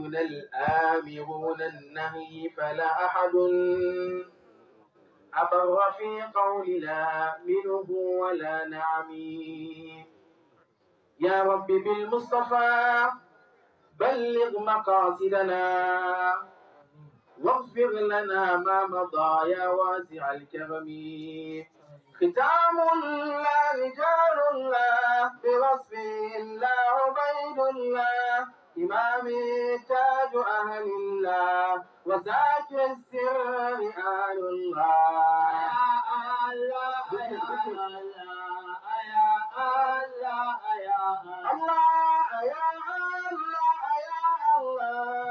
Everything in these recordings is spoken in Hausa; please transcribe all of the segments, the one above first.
الرسل الآمرون النهي فلا أحد أبر في قول لا آمنه ولا نعمي يا رب بالمصطفى بلغ مقاصدنا واغفر لنا ما مضى يا واسع الكرم ختام لا رجال الله بوصف لا عبيد الله إمامي تاج أهل الله وزاك السر آل الله يا الله يا الله يا الله يا الله يا الله يا الله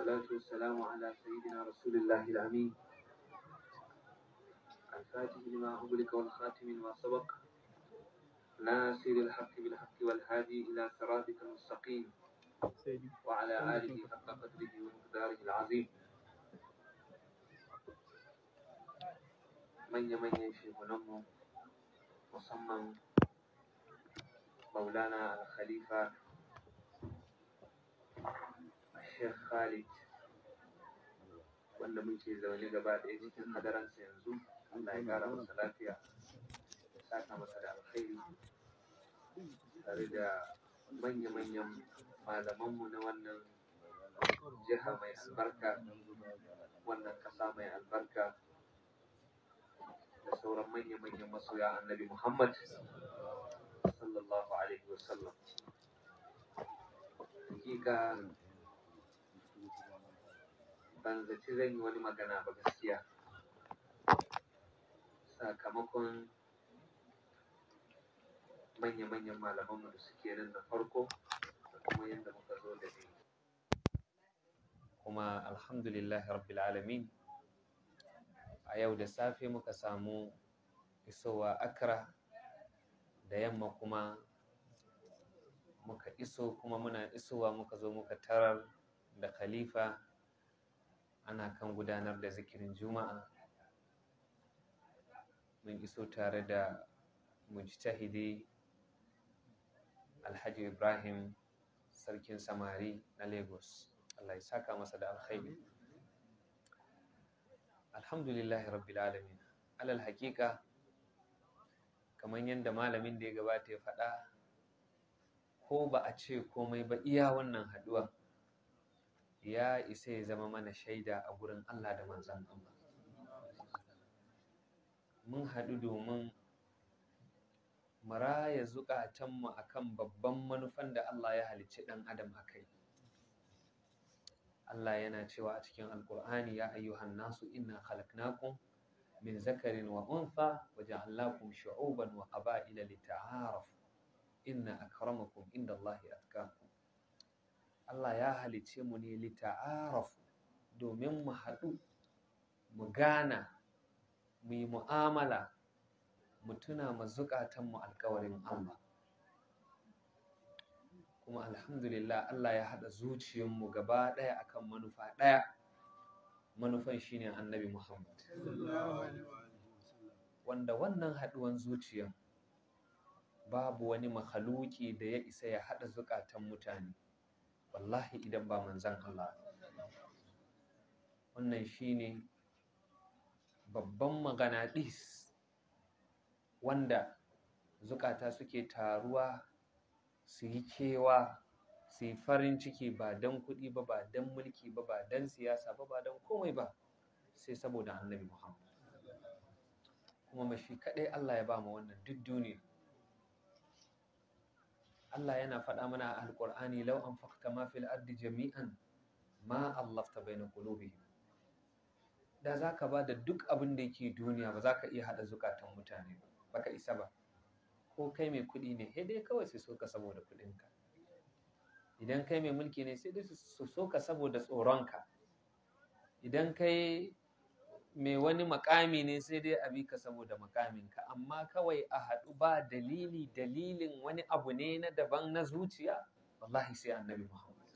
والصلاة والسلام على سيدنا رسول الله الأمين الفاتح لما أبلك والخاتم لما سبق ناصر الحق بالحق والهادي إلى صراطك المستقيم وعلى آله حق قدره ومقداره العظيم من يمن manyan shekunanmu مصمم مولانا الخليفه Sheikh Khalid wanda muke zaune gaba ɗaya cikin hadaransa yanzu Allah ya ƙara masa lafiya ya saka masa da alkhairi tare da manya-manyan malamanmu na wannan jiha mai albarka wannan ƙasa mai albarka da sauran manya-manyan masoya annabi Muhammad sallallahu alaihi wasallam. Hakika ban zaci zan yi wani magana ba gaskiya sakamakon manya-manyan malamanmu da suke nan na farko da kuma yadda muka zo da ni kuma alhamdulillah rabbil alamin a yau da safe muka samu isowa akra da yamma kuma muka iso kuma muna isowa muka zo muka tarar da khalifa ana kan gudanar da zikirin juma'a mun iso tare da mujtahidi alhaji ibrahim sarkin samari na lagos allah ya saka masa da alkhairi alhamdulillahi rabbil alamin alal hakika kamar yadda malamin da ya gabata ya faɗa ko ba a ce komai ba iya wannan haɗuwa ya isa ya zama mana shaida a gurin Allah da manzan Allah mun haɗu domin maraya zuƙa a kan babban manufan da Allah ya halicci ɗan adam a kai Allah yana cewa a cikin alkur'ani ya ayyuhan nasu inna khalaqnakum min zakarin wa unfa wa ja'allakum shu'uban wa qaba'ila lita'arafu inna akramakum inda ya atqakum Allah ya halice mu ne lita'arafu domin mu haɗu mu gana mu yi mu'amala mu tuna mu zuƙatanmu alkawarin Allah kuma alhamdulillah Allah ya haɗa zuciyarmu gaba ɗaya akan manufa ɗaya manufan shi ne annabi Muhammad wanda wannan haɗuwan zuciyan, babu wani makhaluki da ya isa ya haɗa zukatan mutane wallahi idan ba manzan Allah wannan shine babban magana dis wanda zukata suke taruwa su yi kewa su yi farin ciki ba dan kuɗi ba ba don mulki ba ba don siyasa ba ba don komai ba sai saboda annabi muhammad kuma mashi kaɗai allah ya ba ma wannan duk duniya Allah yana faɗa mana a alƙur'ani lau'an fakta ma fil ardi jami'an ma Allah ta baina qulubihim da za ka ba da duk abin da yake duniya ba za ka iya haɗa zukatan mutane ba baka isa ba ko kai mai kuɗi ne sai dai kawai su ka saboda kuɗinka idan kai mai mulki ne sai dai su so ka saboda tsoronka idan kai mai wani makami ne sai dai a bi ka saboda makaminka amma kawai a haɗu ba dalili dalilin wani abu ne na daban na zuciya wallahi sai annabi Muhammad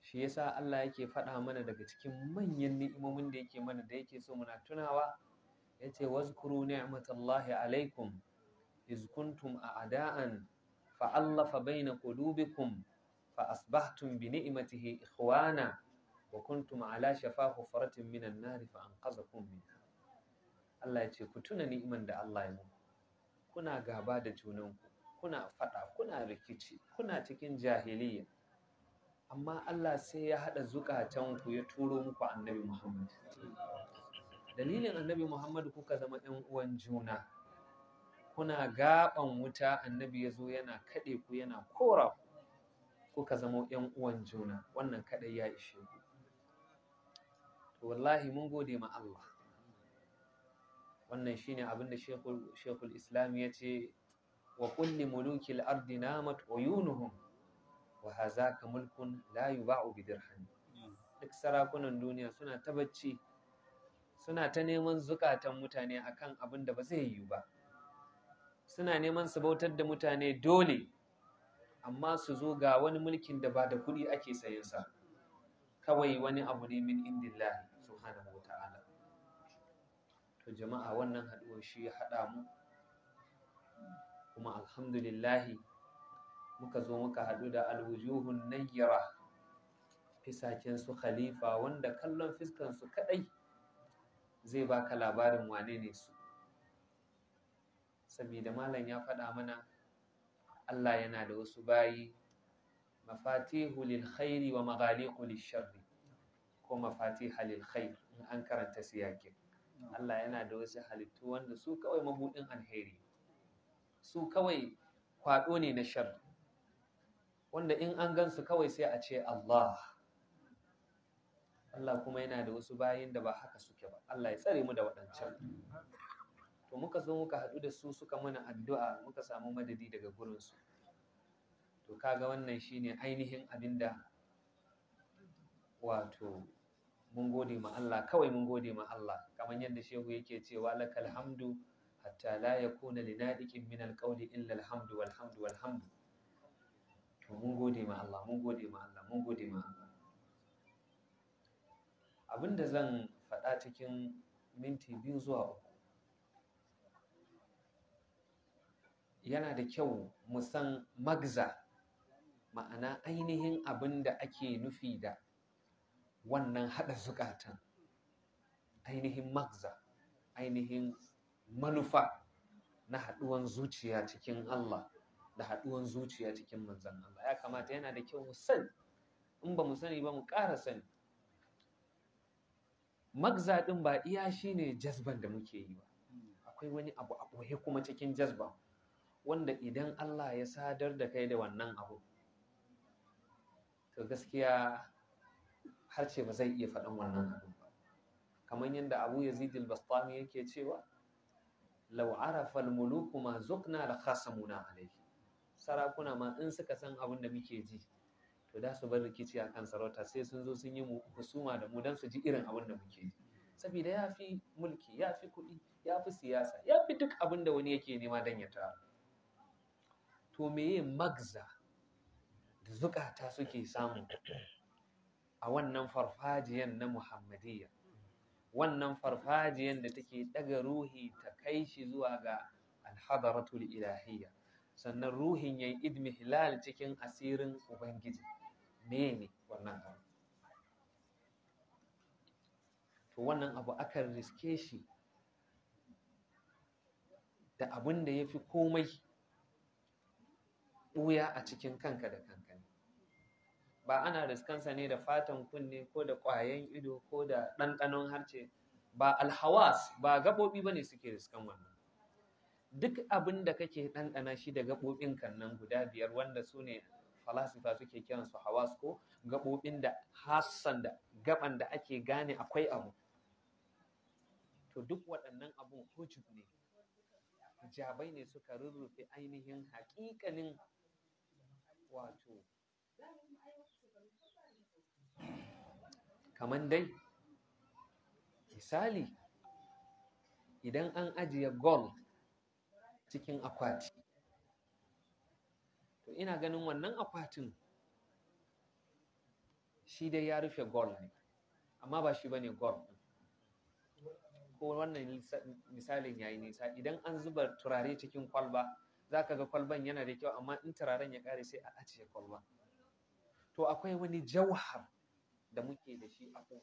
shi yasa Allah yake faɗa mana daga cikin manyan ni'imomin da yake mana da yake so muna tunawa yace wazkuru ni'matallahi alaikum iz kuntum a'da'an fa'allafa baina qulubikum fa asbahtum bi ni'matihi ikhwana wa kuntum ala shafa hufaratin minan an fa kun minha Allah ya ce ku tuna ni'iman da Allah ya muku kuna gaba da junanku kuna faɗa kuna rikici kuna cikin jahiliya amma Allah sai ya haɗa ku ya turo muku annabi Muhammad dalilin annabi Muhammad kuka zama ‘yan uwan juna kuna gaban wuta annabi ya zo yana kaɗe ku yana kora ku kuka zama ‘yan uwan juna wannan kaɗai ya ishe ku wallahi mun gode ma Allah wannan shine abin da shekul islam ya ce wa kulli mulukil ardi namat uyunuhum wa hazaka mulkun la yuba'u bi dirham duk sarakunan duniya suna tabacci suna ta neman zukatan mutane akan abin da ba zai yiwu ba suna neman su bautar da mutane dole amma su zo ga wani mulkin da ba da kuɗi ake sayensa kawai wani abu ne min indillahi to jama'a wannan haɗuwar shi ya haɗa mu kuma alhamdulillahi muka zo muka haɗu da alwujuhun nayyara fisaken su khalifa wanda kallon fiskan su kadai zai baka labarin wane ne su saboda malam ya faɗa mana Allah yana da wasu bayi mafatihu lil khairi wa maghaliqu lil sharri ko mafatihu lil khair in an karanta siyakin Allah yana da wasu halittu wanda su kawai mabuɗin alheri su kawai kwaɗo ne na shar wanda in an gan su kawai sai a ce Allah Allah kuma yana da wasu bayin da ba haka suke ba Allah ya tsare mu da waɗancan to muka zo muka haɗu da su suka mana addu'a muka samu madadi daga gurinsu to kaga wannan shine ainihin abinda wato mun gode ma Allah kawai mun gode ma Allah kamar yadda shehu yake cewa lakal hamdu hatta la yakuna li nadiqin min alqawli illa alhamdu walhamdu walhamdu to mun gode ma Allah mun gode ma Allah mun gode ma Allah abinda zan faɗa cikin minti biyu zuwa uku yana da kyau mu san magza ma'ana ainihin abin da ake nufi da wannan haɗa zukatan ainihin magza ainihin manufa na haɗuwan zuciya cikin Allah da haɗuwan zuciya cikin manzan Allah ya kamata yana da kyau mu sani in ba mu sani ba mu ƙara sani magza ɗin ba iya shi ne jazban da muke yi ba akwai wani abu a ɓoye kuma cikin jazba wanda idan Allah ya sadar da kai da wannan abu to gaskiya har ce ba zai iya faɗin wannan abin ba kamar yadda abu yazid al-bastami yake cewa law arafa al-muluku ma zukna la khasamuna alayhi sarakuna ma in suka san abin da muke ji to da su bar rikici a kan sarauta sai sun zo sun yi mu husuma da mu dan su ji irin abin da muke ji saboda ya fi mulki ya fi kuɗi ya fi siyasa ya fi duk abin da wani yake nema dan ya taru. to meye magza da zukata suke samu a wannan farfajiyan na muhammadiyya wannan farfajiyan da take ɗaga ruhi ta kai shi zuwa ga alhadaratul ilahiyya sannan ruhin idmi hilal cikin asirin ubangiji mene wannan abu to wannan abu akan riske shi da abin da ya fi komai ɓuya a cikin kanka da kanka ba ana riskansa ne da fatan kunne ko da ƙwayan ido ko da ɗanɗanon harce ba alhawas ba gaɓoɓi ba ne suke riskan wannan duk abin da kake ɗanɗana shi da gaɓoɓin kan nan guda biyar wanda su ne falasifa suke kiran su hawas ko gaɓoɓin da hassan da gaɓan da ake gane akwai abu to duk waɗannan abun hujub ne jabai ne suka rurrufe ainihin haƙiƙanin wato kaman dai misali idan an ajiye gold cikin akwati to ina ganin wannan akwatin shi dai ya rufe gold ne amma ba shi bane gold ko wannan misalin yayi nisa idan an zuba turare cikin kwalba zaka ga kwalban yana da kyau amma in turaren ya ƙare sai a ajiye kwalba to akwai wani jauhar da muke da shi a kan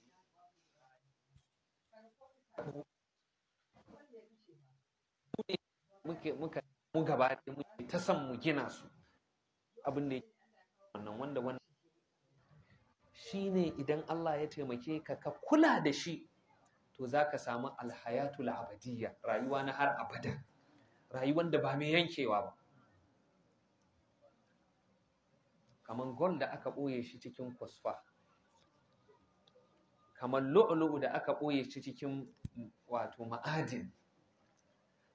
muke muka mu gaba da muke ta san mu gina su abin da wannan wanda wannan shine idan Allah ya taimake ka ka kula da shi to zaka samu alhayatul abadiyya rayuwa na har abada rayuwar da ba mai yankewa ba kamar gold da aka ɓoye shi cikin kwasfa kamar lu'lu'u da aka ɓoye shi cikin mm, wato ma'adin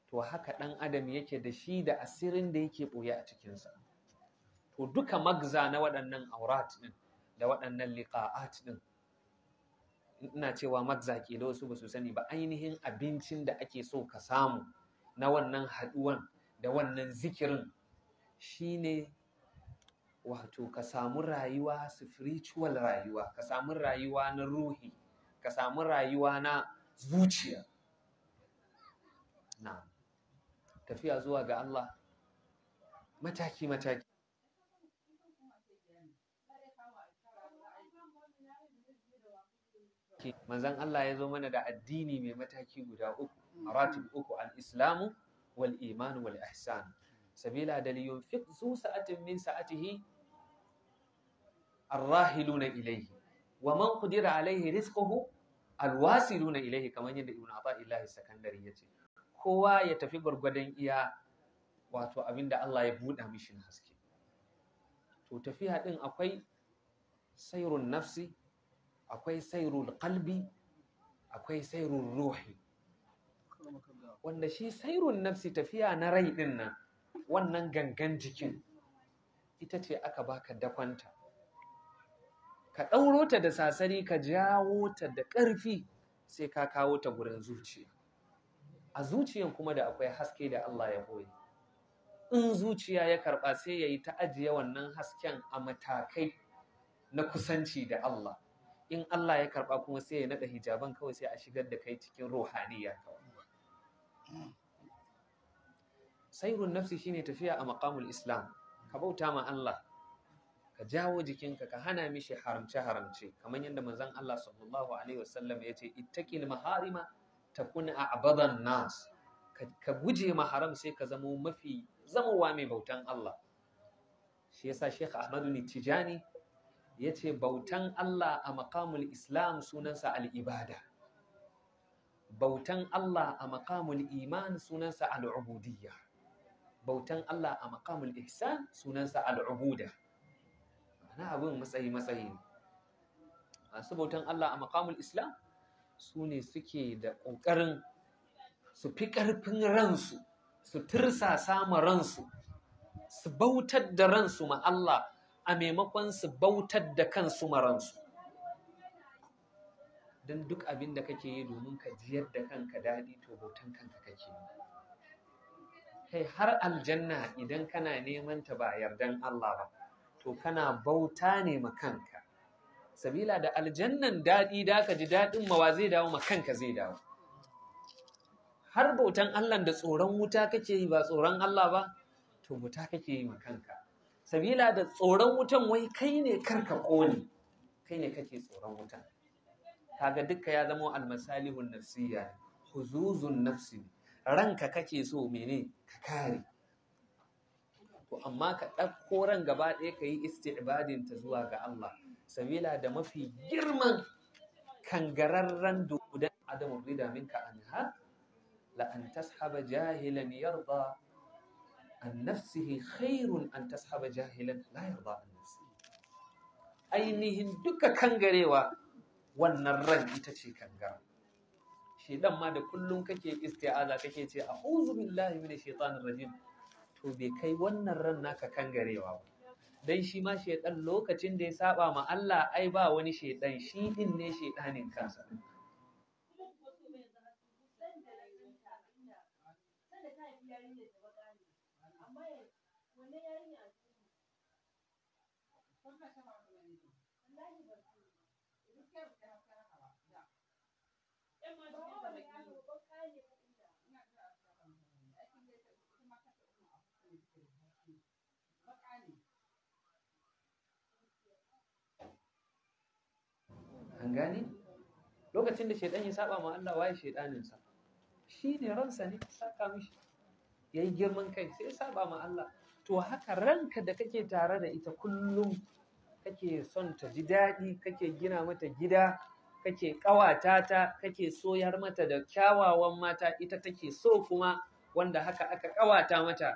to haka ɗan adam yake da shi da asirin da yake ɓoye a cikinsa to duka magza na waɗannan aurat ɗin da waɗannan liqa'at ɗin ina cewa magza ke da wasu ba su sani ba ainihin abincin da ake so ka samu na wannan haɗuwan da wannan zikirin shi ne. wato ka samu rayuwa spiritual rayuwa ka samu rayuwa na ruhi ka samu rayuwa na zuciya na tafiya zuwa ga Allah mataki mataki manzon Allah ya zo mana da addini mai mataki guda uku maratib uku al-islamu wal imanu wal ihsan sabila da liyunfiq zu sa'atin min sa'atihi arrahiluna ilayhi wa man qadira alaihi rizquhu alwasiluna ilayhi kaman yadda ibnu sakandare sakandari yace kowa ya tafi gwargwadon iya wato abinda Allah ya buɗa mishi na haske to tafiya din akwai sairun nafsi akwai sairul qalbi akwai sairun ruhi wanda shi sairun nafsi tafiya na rai din nan wannan gangan jikin ita ce aka baka dakwanta ka ɗauro ta da sasari ka jawo ta da ƙarfi sai ka kawo ta gurin zuciya a zuciyan kuma da akwai haske da Allah ya boye in zuciya ya karɓa sai ya yi ta ajiye wannan hasken a matakai na kusanci da Allah in Allah ya karɓa kuma sai ya naɗa hijaban kawai sai a shigar da kai cikin ruhaniya sairun nafsi shine tafiya a makamul islam ka bauta ma Allah ka jawo jikinka ka hana mishi haramce haramce kamar yadda manzon Allah sallallahu alaihi wasallam ya ce ittaqil maharima takun a'badan nas ka guje maharam sai ka zamo mafi zamowa mai bautan Allah shi yasa Sheikh Ahmadu nitijani ya ce bautan Allah a makamul Islam sunansa al ibada. bautan Allah a makamul iman sunansa al'ubudiyya bautan Allah a makamul ihsan sunansa al'ubuda ana abin matsayi matsayi ne masu bautan Allah a makamul islam su ne suke da ƙoƙarin su fi ƙarfin ransu su tursa sama ransu su bautar da ransu ma Allah a maimakon su bautar da kansu ma ransu don duk abin da kake yi domin ka jiyar da kanka daɗi to bautan kanka kake yi kai har aljanna idan kana neman ta ba yardan Allah ba to kana bauta ne ma kanka sabila da aljannan daɗi da ka ji daɗin mawa zai dawo ma kanka zai dawo har bautan Allah da tsoron wuta kake yi ba tsoron Allah ba to wuta kake yi ma kanka sabila da tsoron wutan wai kai ne karka kone? kai ne kake tsoron wutan kaga dukka ya zama almasalihun nafsiyya huzuzun nafsi ranka kake so mene ka kare to amma ka ɗauko ran gaba ɗaya ka yi isti'badin ta zuwa ga Allah sabila da mafi girman kangararren dudan adam rida minka anha la an tashaba jahilan yarda an nafsihi khairun an tashaba jahilan la yarda an nafsihi ainihin duka kangarewa wannan ran ita ce kangara shedan ma da kullum kake isti'aza kake ce a'udhu billahi minash shaitanir rajim to bai kai wannan ran naka kan garewa ba dan shi ma shaidan lokacin da ya saba ma Allah ai ba wani shaidan shi din ne shaidanin kansa lokacin da shaidan ya saba ma Allah waye shaidanin sa shi ne ransa ne saka mishi yayi girman kai sai ya saba ma Allah to haka ranka da kake tare da ita kullum kake son ta ji daɗi kake gina mata gida kake ƙawata ta kake soyar mata da kyawawan mata ita take so kuma wanda haka aka ƙawata mata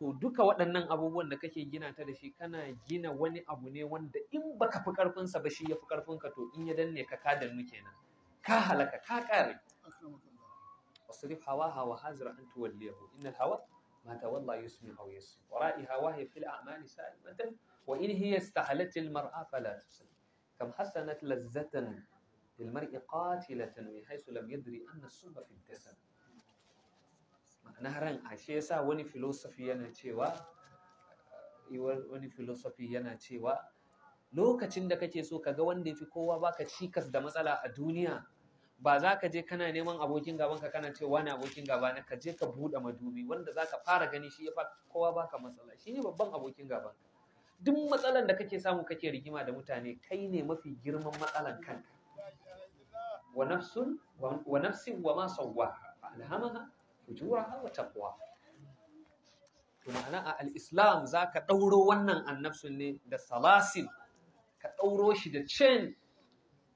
to duka waɗannan abubuwan da kake gina ta da shi kana gina wani abu ne wanda in baka fi sa ba shi ya fi ka to in ya danne ka ka danne kenan ka halaka ka kare wasrif hawa hawa hazira an tuwalliyahu innal hawa ma tawalla yusmi aw yusmi wara'i hawa hi fil a'mali sa'imatan wa in hiya istahalat al mar'a fala tusil kam hasanat lazzatan lil mar'i qatilatan min haythu lam yadri anna as-subha fi al-jasad ran a shi yasa wani filosofi yana cewa eh, wani filosofi yana cewa lokacin da kake so kaga ga wanda yafi kowa baka cikas da matsala a duniya ba za ka je kana neman abokin gaban ka kana cewa wani abokin gaba na ka je ka bude madubi wanda zaka fara gani shi yafi kowa baka matsala shi ne babban abokin gaban duk matsalan da kake samu kake rigima da mutane kai ne mafi girman matsalan kanka wa nafsun wa nafsin wa ma sawwa alhamaha fujura wa taqwa to ma'ana a al-islam zaka dauro wannan annabsun ne da salasil ka dauro shi da chain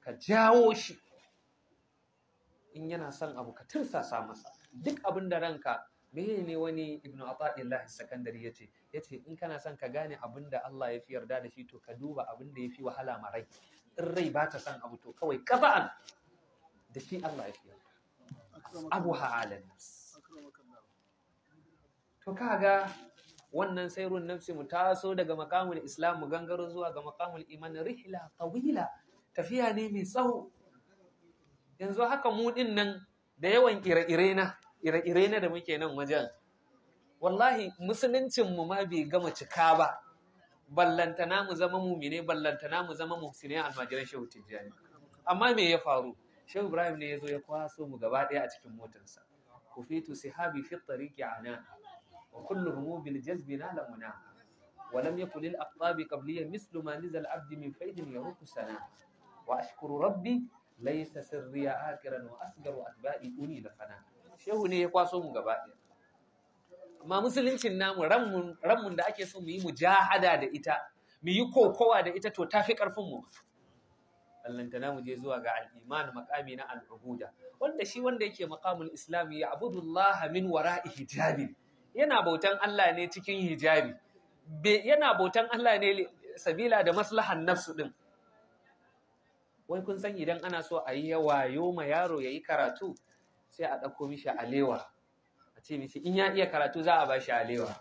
ka jawo shi in yana son abu ka tursasa masa duk abin da ranka mene ne wani ibnu ata'illahi sakandari yace yace in kana son ka gane abin da Allah ya fi yarda da shi to ka duba abin da ya wahala ma rai in rai ba ta son abu to kawai kafa'an da shi Allah ya fi yarda abu ha'alan nas to kaga wannan sairun nafsi mu taso daga makamul islam mu gangaro zuwa ga makamul iman rihla tawila tafiya ne mai tsawo yanzu haka mu din nan da yawan ire-ire na ire-ire da muke nan wajen wallahi musuluncin mu ma bai gama cika ba ballantana mu zama mumine ballantana mu zama musulmi almajiran shehu tijjani amma me ya faru shehu ibrahim ne ya zo ya kwaso mu gaba ɗaya a cikin motarsa كفيت سحابي في الطريق عنا وكل هموم بالجذب نالا منا ولم يكن للأقطاب قبلي مثل ما نزل عبد من فيد يروق سنا وأشكر ربي ليس سري آكرا وأسجر أتباعي أني لفنا shehu ne ya kwaso mu gaba ɗaya amma musuluncin namu ranmun da ake so mu yi mujahada da ita mu yi kokowa da ita to tafi ƙarfin mu allantana mu je zuwa ga al makami maqami na al-ubuda wanda shi wanda yake maqamul islami ya abudullah min wara'i hijabi yana bautan Allah ne cikin hijabi yana bautan Allah ne sabila da maslahan nafsu din wai kun san idan ana so a yi wayo ma yaro yayi karatu sai a dauko mishi alewa a ce mishi in ya iya karatu za a bashi alewa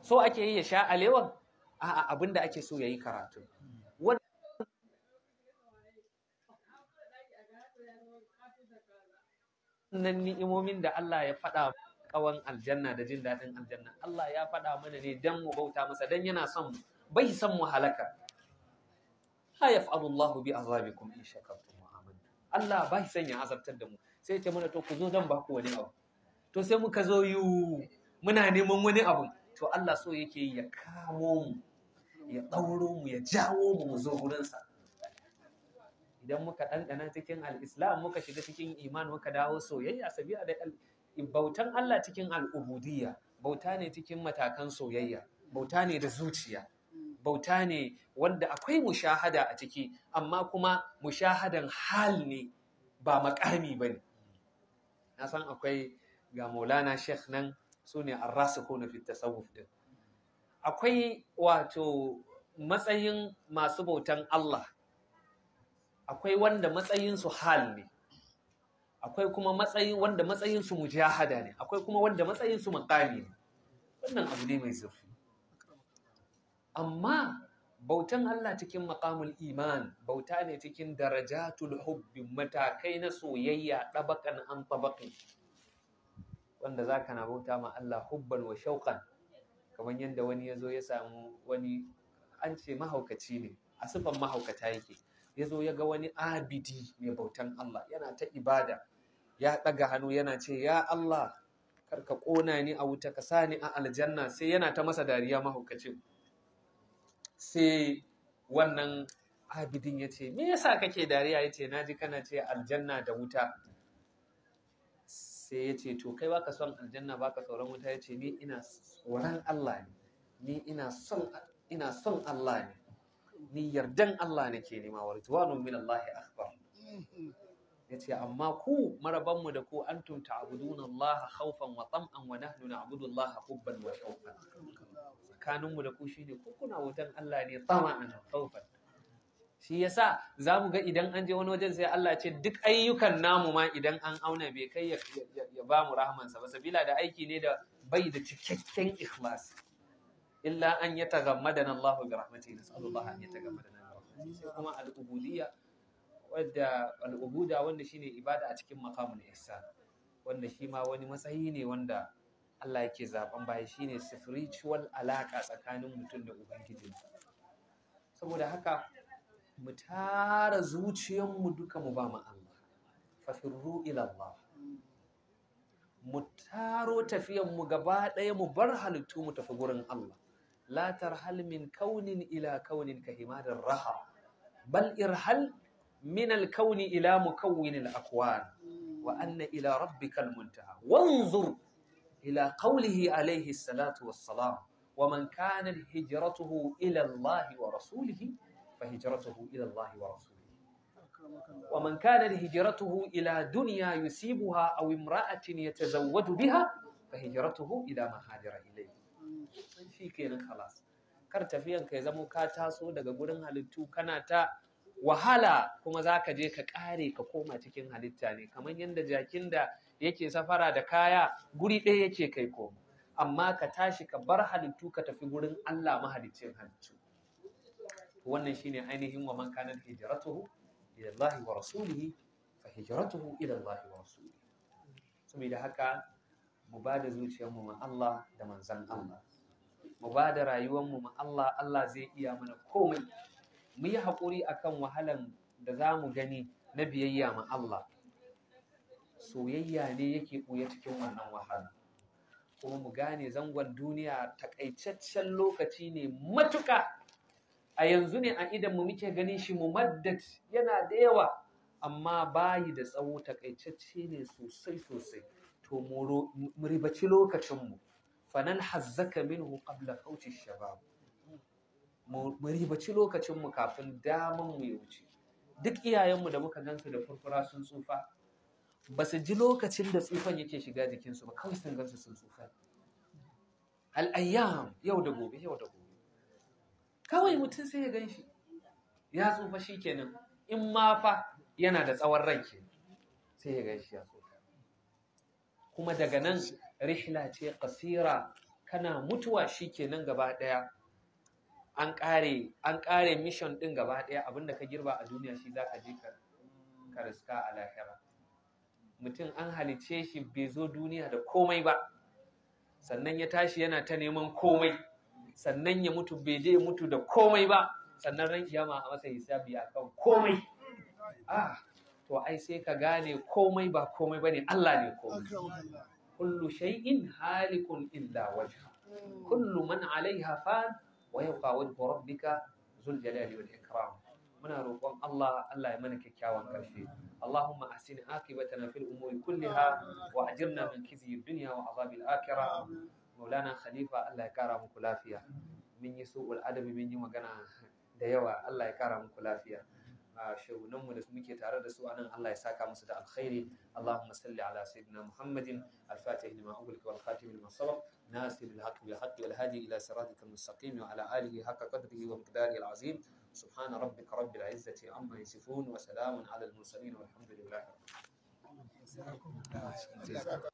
so ake yi ya sha alewan a'a abin ake so ya yi karatu wannan ni'imomin da Allah ya faɗa kawan aljanna da jin daɗin aljanna Allah ya faɗa mana ne dan mu bauta masa dan yana son mu bai san mu halaka la yaf'alu Allah bi azabikum in shakartum wa amantum Allah bai san ya azabtar da mu sai ya ce mana to ku zo dan ba ku wani abu to sai muka zo yu muna neman wani abu to Allah so yake ya kawo mu ya ɗauro mu ya jawo mu mu zo gurinsa idan muka ɗanɗana cikin al'islam muka shiga cikin iman muka dawo soyayya sabila da bautan Allah cikin al'ubudiyya bauta ne cikin matakan soyayya bauta ne da zuciya bauta ne wanda akwai mushahada a ciki amma kuma mushahadan hal ne ba makami ba ne na san akwai ga maulana sheikh nan su ne arrasikuna fi tasawuf din akwai wato matsayin masu bautan Allah akwai wanda matsayinsu hal ne akwai kuma matsayin wanda matsayinsu mujahada ne akwai kuma wanda matsayinsu makami ne wannan abu ne mai zurfi amma bautan Allah cikin makamul iman bauta ne cikin darajatul hubbi matakai na soyayya ɗabaƙan an tabaqi wanda za ka na bauta ma Allah hubban wa shauƙan kamar yanda wani ya zo ya samu wani an ce mahaukaci ne a sifan mahaukata yake ya zo ya ga wani abidi mai bautan Allah yana ta ibada ya ɗaga hannu yana ce ya Allah kar ka ƙona ni a wuta ka sani a aljanna sai yana ta masa dariya mahaukacin sai wannan abidin ya ce me yasa kake dariya ya ce na ji kana ce aljanna da wuta sai ya ce to kai baka son aljanna baka tsoron wuta ya ce ni ina tsoron Allah ne ni ina son Allah ne ni yardan Allah nake nema wa ridwanun min Allah akbar yace amma ku marabarmu da ku antum ta'buduna Allah khawfan wa tam'an wa nahnu na'budu Allah hubban wa shawqan da ku shine ku kuna wutan Allah ne tama'an khawfan shi yasa za mu ga idan an je wani wajen sai Allah ce duk ayyukan namu ma idan an auna bai kai ya, ba mu sa ba sabila da aiki ne da bai da cikakken ikhlas illa an ya tagammadana Allahu bi rahmatihi nasallallahu an ya tagammadana sai kuma al-ubudiyya wadda al-ubuda wanda shine ibada a cikin maqamul ihsan wanda shi ma wani matsayi ne wanda Allah yake zaben baya shine spiritual alaka tsakanin mutum da ubangijinsa saboda haka mu tara zuciyarmu duka mu ba mu Allah fafirru ila Allah mu taro tafiyanmu gaba ɗaya mu bar halittu mu tafi gurin Allah la tarhal min kaunin ila kaunin ka himadar raha bal irhal min alkauni ila mukawwin alakwan wa anna ila rabbikal muntaha wanzur ila qawlihi alayhi salatu wassalam wa man kanat hijratuhu ila Allah wa rasulihi فهجرته إلى الله ورسوله ومن كانت هجرته إلى دنيا يصيبها أو امرأة يتزوج بها فهجرته إلى ما هاجر إليه خلاص kar tafiyan ka ya zamo ka taso daga gurin halittu kana ta wahala kuma za ka je ka ƙare ka koma cikin halitta ne kamar yadda jakin da yake safara da kaya guri ɗaya yake kai koma, amma ka tashi ka bar halittu ka tafi gurin Allah mahaliccin halittu wannan shine ainihin wa man kanat hijratuhu ila Allah wa rasulihi fa hijratuhu ila Allah wa rasulihi saboda haka mu ba da zuciyarmu ma Allah da manzan Allah mu ba da mu ma Allah Allah zai iya mana komai mu yi haƙuri akan wahalan da za mu gani na biyayya ma Allah soyayya ne yake ɓuya cikin wannan wahala kuma mu gane zangon duniya takaitaccen lokaci ne matuƙa a yanzu ne a idan mu muke ganin shi mu mumaddad yana da yawa amma bayi da tsawo takaitacce ne sosai sosai to mu ribaci lokacinmu fanan hazzaka minhu qabla fawti shabab mu ribaci lokacinmu kafin daman mu wuce duk iyayenmu da muka gansu da furfura sun tsufa ba su ji lokacin da tsufan yake shiga jikinsu ba kawai sun gansu sun tsufa al'ayyam yau da gobe yau da gobe kawai mutum sai ya ganshi ya tsufa shi kenan in ma fa yana da tsawon rai ke sai ya ganshi ya tsufa kuma daga nan rihla ce kasira kana mutuwa shi kenan gaba ɗaya an kare an kare mission ɗin gaba daya abinda ka girba a duniya shi za ka je ka riska a lahira mutum an halice shi bai zo duniya da komai ba sannan ya tashi yana ta neman komai sannan ya mutu bai je ya mutu da komai ba sannan ran kiyama a masa hisabi akan komai ah to ai sai ka gane komai ba komai bane Allah ne komai kullu shay'in halikun illa wajha hmm. kullu man alaiha fan wa yabqa wajhu rabbika zul jalali wal ikram muna roƙon Allah Allah ya mana kyakkyawan ƙarshe Allahumma ahsin na fil umuri kulliha wa ajirna min khizyi dunya wa azabil akhirah maulana khalifa Allah ya kara muku lafiya mun yi su'ul adabi mun yi magana da yawa Allah ya kara muku lafiya a shehunanmu da muke tare da su a nan Allah ya saka musu da alkhairi Allahumma salli ala sayyidina Muhammadin al-Fatih lima ughliqa wal khatim lima sabaq nasir al-haqq bil haqq wal hadi ila siratika mustaqim wa ala alihi haqqa qadrihi wa miqdarihi al-azim سبحان ربك رب العزة عما يصفون وسلام على المرسلين والحمد لله